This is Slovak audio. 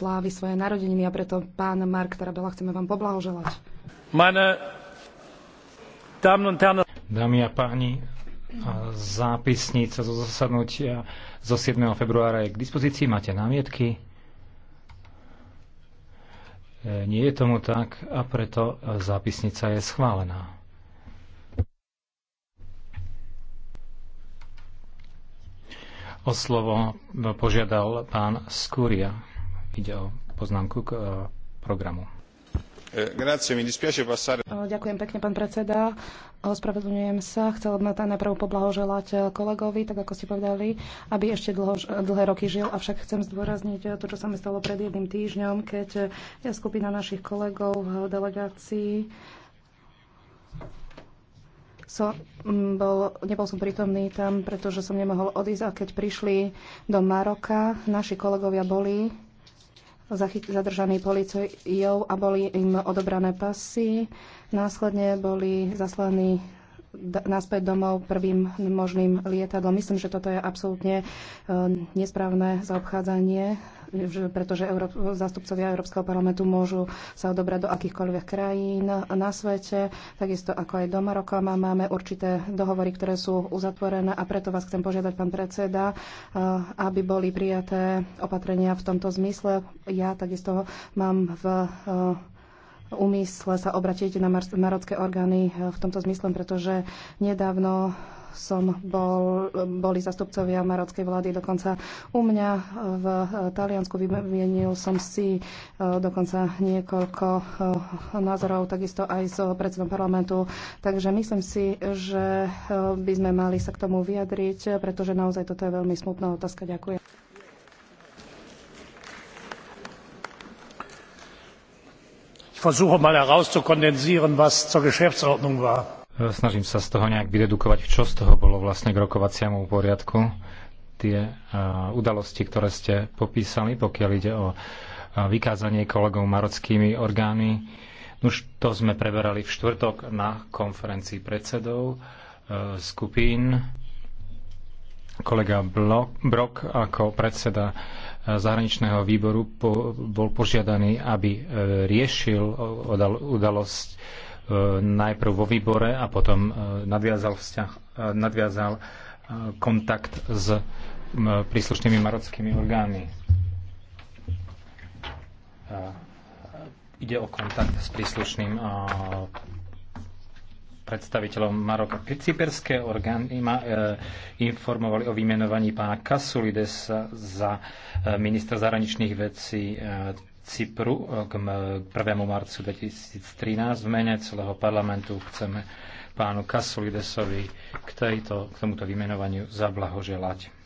slávi svoje narodeniny a preto, pán Mark Tarabela, chceme vám poblahoželať. Meine Dámy a páni, zápisnica zo zasadnutia zo 7. februára je k dispozícii. Máte námietky? E, nie je tomu tak a preto zápisnica je schválená. O slovo požiadal pán Skúria ide o poznámku k e, programu. E, e, ďakujem pekne, pán predseda. Ospravedlňujem sa. Chcel ma tam najprv poblahoželať kolegovi, tak ako ste povedali, aby ešte dlho, dlhé roky žil. Avšak chcem zdôrazniť to, čo sa mi stalo pred jedným týždňom, keď ja skupina našich kolegov v delegácii bol, nebol som prítomný tam, pretože som nemohol odísť a keď prišli do Maroka, naši kolegovia boli zadržaní policiou a boli im odobrané pasy. Následne boli zaslaní naspäť domov prvým možným lietadlom. Myslím, že toto je absolútne e, nesprávne zaobchádzanie pretože Európ- zástupcovia Európskeho parlamentu môžu sa odobrať do akýchkoľvek krajín na svete, takisto ako aj do Maroka. Máme určité dohovory, ktoré sú uzatvorené a preto vás chcem požiadať, pán predseda, e, aby boli prijaté opatrenia v tomto zmysle. Ja takisto mám v e, úmysle sa obratiť na mar- marocké orgány eh, v tomto zmysle, pretože nedávno som bol, boli zastupcovia marockej vlády dokonca u mňa eh, v eh, Taliansku. Vymienil som si dokonca niekoľko názorov, takisto aj s so predsedom parlamentu. Takže myslím si, že by sme mali sa k tomu vyjadriť, pretože naozaj toto je veľmi smutná otázka. Ďakujem. versuche mal herauszukondensieren, was zur Geschäftsordnung war. Äh, snažím sa z toho nejak vydedukovať, čo z toho bolo vlastne k rokovaciemu poriadku. Tie äh, udalosti, ktoré ste popísali, pokiaľ ide o äh, vykázanie kolegov marockými orgány, už to sme preberali v štvrtok na konferencii predsedov skupín kolega Blok, Brok ako predseda zahraničného výboru po, bol požiadaný, aby e, riešil odal, udalosť e, najprv vo výbore a potom e, nadviazal, vzťah, nadviazal kontakt s príslušnými marockými orgánmi. Ide o kontakt s príslušným predstaviteľom Maroka. Cyperské orgány ma e, informovali o vymenovaní pána Kasulidesa za e, ministra zahraničných vecí e, Cypru k 1. marcu 2013. V mene celého parlamentu chceme pánu Kasulidesovi k, tejto, k tomuto vymenovaniu zablahoželať.